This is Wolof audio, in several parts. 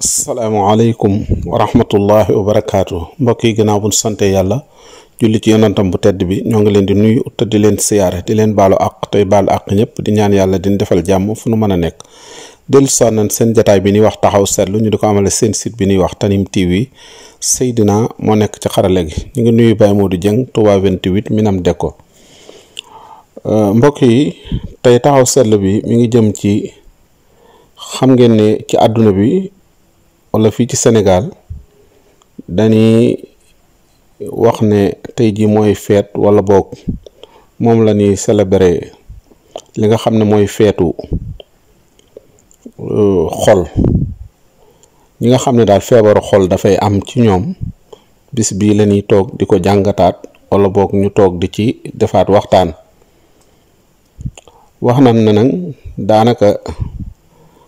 asalaamaaleykum wa rahmatullahi wa barakaatu mbokk yi gannaaw buñ sante yàlla julli ci yonantam bu tedd bi ñoo ngi leen di nuyu te di leen siyaare di leen baalu àq tey baalu àq ñëpp di ñaan yàlla din defal jàmm fu nu mën a nekk dellu soo nañ seen jataay bi ñuy wax taxaw seetlu ñu di ko amale seen sit bi ñuy wax Tanime TV Seydina moo nekk ci xarale gi ñu ngi nuyu Baye Modou Dieng Touba 28 Minam Deko euh, mbokk yi tey taxaw seetlu bi mi ngi jëm ci xam ngeen ne ci àdduna bi wala fii ci senegaal dañuy wax ne tey ji mooy feet wala boog moom la ñuy célébrer li nga xam ne mooy feetu euh, xol ñi nga xam ne daal feebaru xol dafay am ci ñoom bis bii la toog di ko jàngataat wala boog ñu toog di ci defaat waxtaan wax na nag daanaka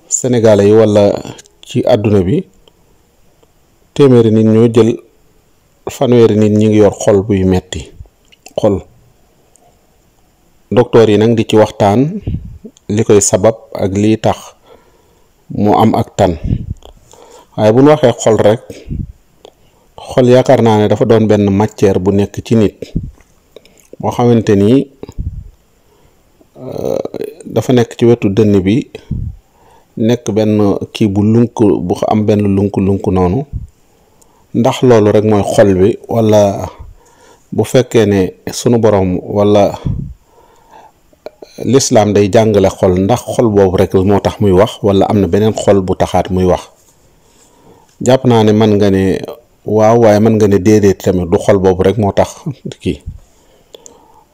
sénégalais yi walla ci àdduna bi téeméeri nit ñoo jël fanweeri nit ñi ngi yor xol buy metti xol docteur yi nag di ci waxtaan li koy sabab ak lii tax mu am ak tan waaye bu ñu waxee xol rek xol yaakaar naa ne dafa doon benn matière bu nekk ci nit moo xamante ni euh, dafa nekk ci wetu dënn bi nekk benn kii bu lunk bu am benn lunk lunk noonu ndax loolu rek mooy xol bi wala bu fekkee ne sunu borom wala lislaam day jàngale xol ndax xol boobu rek moo tax muy wax wala am na beneen xol bu taxaat muy wax jàpp naa ne mën nga ne waaw waaye mën nga ne déedéet tamit du xol boobu rek moo tax kii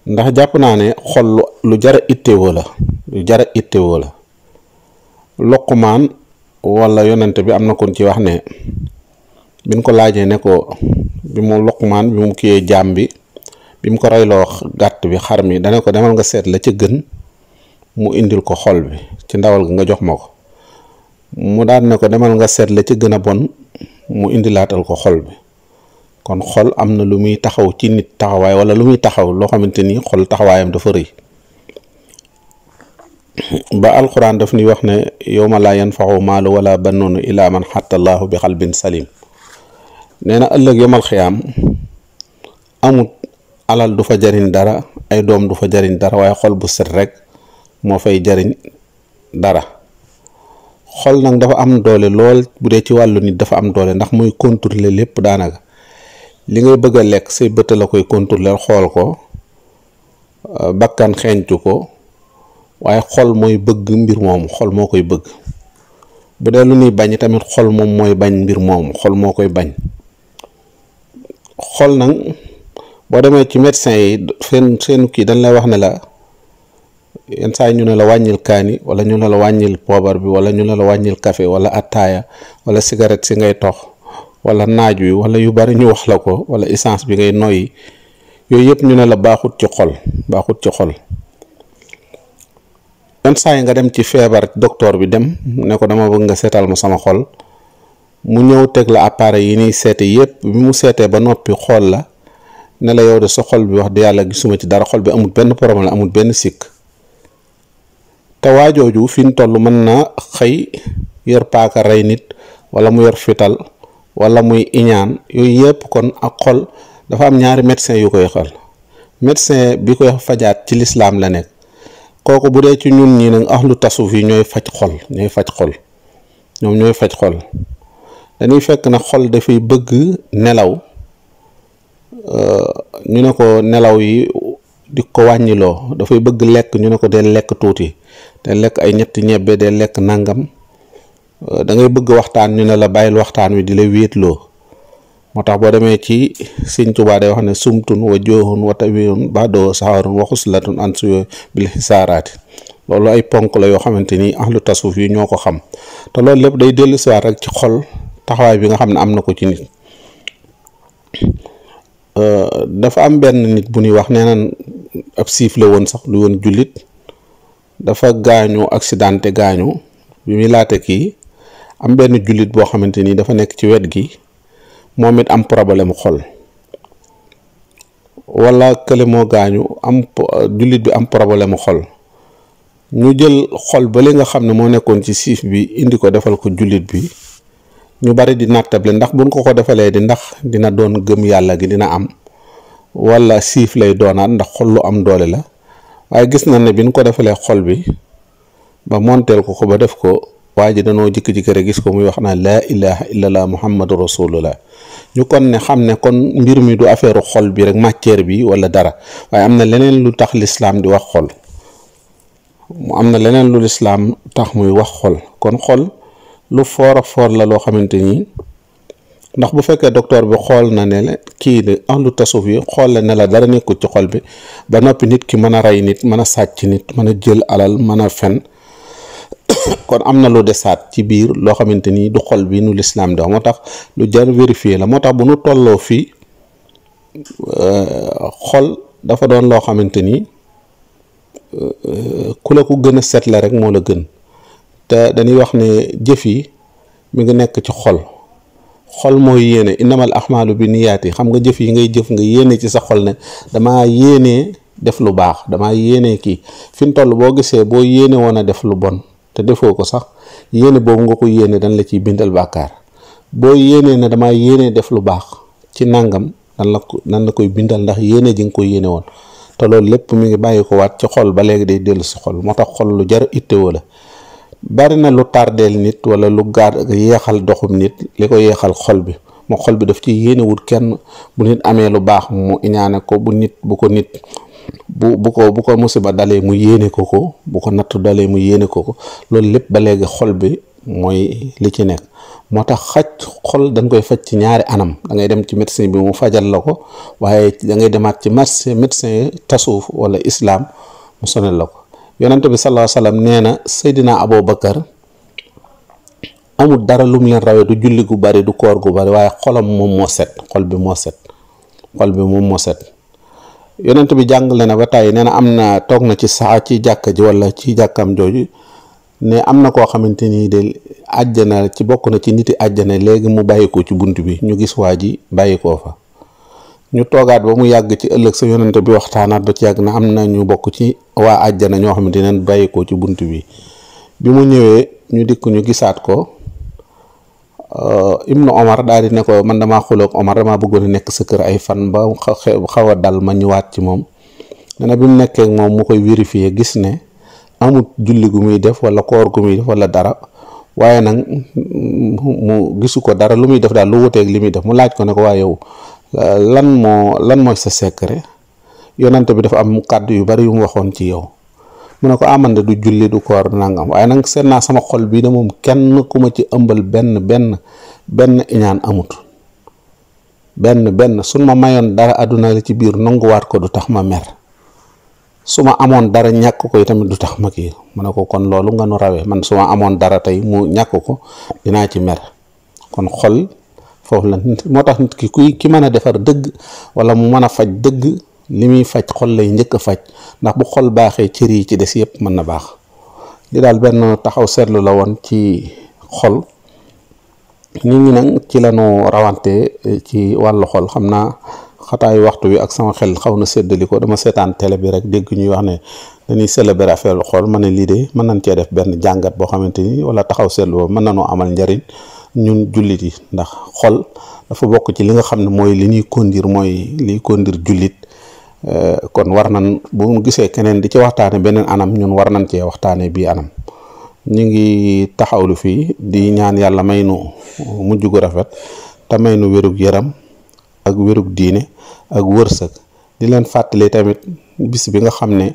ndax jàpp naa ne xol lu jara ittewoo la lu jara ittewoo la Luqmaan wala yonent bi am na kon ci wax ne bi mu ko laajee ne ko bi mu loqmaan bi mu kiyee jaam bi bi mu ko reyloo gàtt bi xar mi dana ko demal nga seet la ca gën mu indil ko xol bi ci ndawal nga jox ma ko mu daan ne ko demal nga seet la ca gën a bon mu indi laatal ko xol bi kon xol am na lu muy taxaw ci nit taxawaay wala lu muy taxaw loo xamante ni xol taxawaayam dafa rëy ba alxuraan daf ni wax ne yow ma laa yanfaxu maalu wala bannoonu ilaa man xattallaahu bi xalbin salim nee na ëllëg yomal xiyaam amut alal du fa jariñ dara ay doom du fa jariñ dara waaye xol bu set rek moo fay jariñ dara xol nag dafa am doole lool bu dee ci wàllu nit dafa am doole ndax muy contrôler lépp daanaka li ngay bëgg a lekk say bët la koy contrôler xool ko euh, bakkan xeeñtu ko waaye xol mooy bëgg mbir moomu xol moo koy bëgg bu dee lu ñuy bañ tamit xol moom mooy bañ mbir moomu xol moo koy bañ xol nag boo demee ci médecin yi seen seen kii dañ lay wax ne la yenn saa ñu ne la wàññil kaani wala ñu ne la wàññil poobar bi wala ñu ne la wàññil café wala attaaya wala cigarette si ngay tox wala naaj wi wala yu bari ñu wax la ko wala essence bi ngay noyyi yooyu yëpp ñu ne la baaxut ci xol baaxut ci xol yenn saa yi nga dem ci feebar docteur bi dem ne ko dama bëgg nga seetal ma sama xol mu ñëw teg la appareil yi niy seete yépp bi mu seetee ba noppi xool la ne la yow de sa xol bi wax de yàlla gisuma ci dara xol bi amul benn problème amul benn sikk te waajooju fi mu toll mën na xëy yor paaka rey nit wala mu yor fital wala muy iñaan yooyu yëpp kon ak xol dafa am ñaari médecin yu koy xol médecin bi koy fajaat ci lislaam la nekk kooku bu dee ci ñun ñii nag ahlu tasuf yi ñooy faj xol ñooy faj xol ñoom ñooy faj xol dañuy fekk na xol dafay bëgg nelaw euh, ñu ne ko nelaw yi di ko wàññiloo dafay bëgg lekk ñu ne ko dee lekk tuuti dee lekk ay ñetti ñebbe de lekk nangam euh, dangay bëgg waxtaan ñu ne la bàyyil waxtaan wi di la wéetloo moo tax boo demee ci Sëñ Tuubaa day wax ne sumtun wa jooxun wa tawiyun badoo saxarun wa xuslatun an suyo bil xisaaraati loolu ay ponk la yoo xamante ni ahlu tasuuf yi ñoo ko xam te loolu lépp day dellusiwaat rek ci xol taxawaay bi nga xam ne am na ko ci nit euh, dafa am benn nit bu ñuy wax nee naan ab siif la woon sax du woon jullit dafa gaañu accidenté gaañu bi muy laata kii am benn jullit boo xamante ni dafa nekk ci wet gi moom it am problème xol wala kële gaañu am jullit bi am problème xol ñu jël xol ba li nga xam ne moo nekkoon ci siif bi indi ko defal ko jullit bi ñu bari di nattable ndax buñ ko ko defalee di ndax dina doon gëm yàlla gi dina am walla siif lay doonaat ndax xol lu am doole la waaye gis na ne biñ ko defalee xol bi ba monteel ko ko ba def ko waa ji danoo jikki-jikki rek gis ko muy wax naa laa ilaha illallah muhammadu la ñu kon ne xam ne kon mbir mi du affaire xol bi rek matière bi wala dara waaye am na leneen lu tax lislaam di wax xol mu am na leneen lu lislaam tax muy wax xol kon xol lu foor foor la loo xamante ni ndax bu fekkee docteur bi xool na ne la kii de ahlu tasawuf xool la ne la dara nekkul ci xol bi ba noppi nit ki mën a rey nit mën a sàcc nit mën a jël alal mën a fen kon am na lu desaat ci biir loo xamante ni du xol bi nu lislaam di wax moo tax lu jar vérifier la moo tax bu nu tolloo fii euh, xol dafa doon loo xamante ni euh, euh, ku la ko gën a set la rek moo la gën te dañuy wax ne jëf yi mu ngi nekk ci xol xol mooy yéene innamal axmaalu bi yi xam nga jëf yi ngay jëf nga yéene ci sa xol ne dama yéene def lu baax dama yéene kii fi mu toll boo gisee boo yéene woon a def lu bon te defoo ko sax yéene boobu nga ko yéene dañ la ciy bindal bàkkaar boo yéenee ne damaa yéenee def lu baax ci nàngam dan la ko dan la koy bindal ndax yéene ji nga ko yéene woon te loolu lépp mu ngi bàyyi ko waat ci xol ba léegi day dellu si xol moo tax xol lu jar ittewoo la bari na lu tardeel nit wala lu gaar yeexal doxum nit li ko yeexal xol bi mu xol bi daf ci yéenewul kenn bu nit amee lu baax mu iñaane ko bu nit bu ko nit bu bu ko bu ko musiba dalee mu yéene ko ko bu ko natt dalee mu yéene ko ko loolu lépp ba léegi xol bi mooy li ci nekk moo tax xaj xol dañ koy faj ci ñaari anam da ngay dem ci médecin bi mu fajal la ko waaye da ngay demaat ci marché médecin tasawuf wala islaam mu sonal la ko yonent bi sallallahu alayhi wa sallam nee na Seydina Aboubacar amul dara lum leen rawee du julli gu bari du koor gu bari waaye xolam moom moo set xol bi moo set xol bi moom moo set yonent bi jàngale na ba tàyyi nee na am na toog na ci saa ci jàkka ji wala ci jàkkam jooju ne am na koo xamante ni de àjjana ci bokk na ci niti àjjana léegi mu bàyyikoo ci bunt bi ñu gis waa ji bàyyikoo fa ñu toogaat ba mu yàgg ci ëllëg sa yonent bi waxtaanaat ba ci yàgg na am na ñu bokk ci waa àjjana ñoo xamante ne bàyyi ko ci bunt bi bi mu ñëwee ñu dikk ñu gisaat ko euh, Ibnu Omar daal di ne ko man dama xuloog Omar damaa bëggoon nekk sa kër ay fan ba xaw a dal ma ñëwaat ci moom nee na bi mu nekkee moom mu koy vérifier gis ne amut julli gu muy def wala koor gu muy def wala dara waaye nag mu gisu ko dara lu muy def daal lu wuteeg li muy def mu laaj ko ne ko waa yow lan moo lan mooy sa secret. yonante bi dafa am kàddu yu bari yu mu waxoon ci yow mu ne ko amande du julli du koor nangam waaye nag seet naa sama xol bii de moom kenn ku ma ci ëmbal benn benn benn iñaan amut benn benn su ma mayoon dara àdduna la ci biir nanguwaat ko du tax ma mer su ma amoon dara ñàkk ko tamit du tax ma kii mu ne ko kon loolu nga nu rawee man su ma amoon dara tey mu ñàkk ko dinaa ci mer kon xol foofu la moo tax nit ki kuy ki mën a defar dëgg wala mu mën dëgg li muy faj xol lay njëkk a faj ndax bu xol baaxee cër yi ci des yëpp mën na baax li daal benn taxaw seetlu la woon ci xol nit ñi nag ci lañu rawante eh, ci wàllu xol xam naa xataayu waxtu wi ak sama xel xaw na séddali ko dama seetaan télé bi rek dégg ñuy wax ne dañuy célébrer affaire xol ma ne lii de mën nañ cee def benn jàngat boo xamante ni walla taxaw seetlu boobu mën nañoo amal njariñ ñun jullit yi ndax xol dafa bokk ci li nga xam ne mooy li ñuy kondir mooy liy kondir jullit Eh, kon war nan bu mu gisee keneen di ci waxtaane beneen anam ñun war nañ cee waxtaane bi anam ñu ngi taxawlu fii di ñaan yàlla may nu mujj gu rafet te may nu wérug yaram ak wérug diine ak wërsëg di leen fàttali tamit bis bi nga xam ne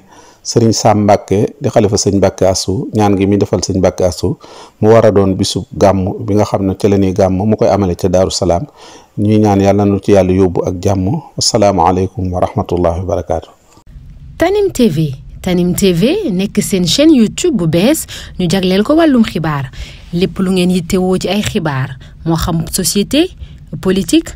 sëriñ Sam Mbàkke di xalifa sëñ Mbàkke Astu ñaan gi muy defal sëñ Mbàkke Astu mu war a doon bisub gàmm bi nga xam ne ca la gàmm mu koy amale ca Daaru Salaam ñuy ñaan yàlla nu ci yàlla yóbbu ak jàmmu asalaamaaleykum wa rahmatullahi wa barakaatu. Tanim TV Tanim TV nekk seen chaîne YouTube bu bees ñu jagleel ko wàllum xibaar lépp lu ngeen yittewoo ci ay xibaar moo xam société politique.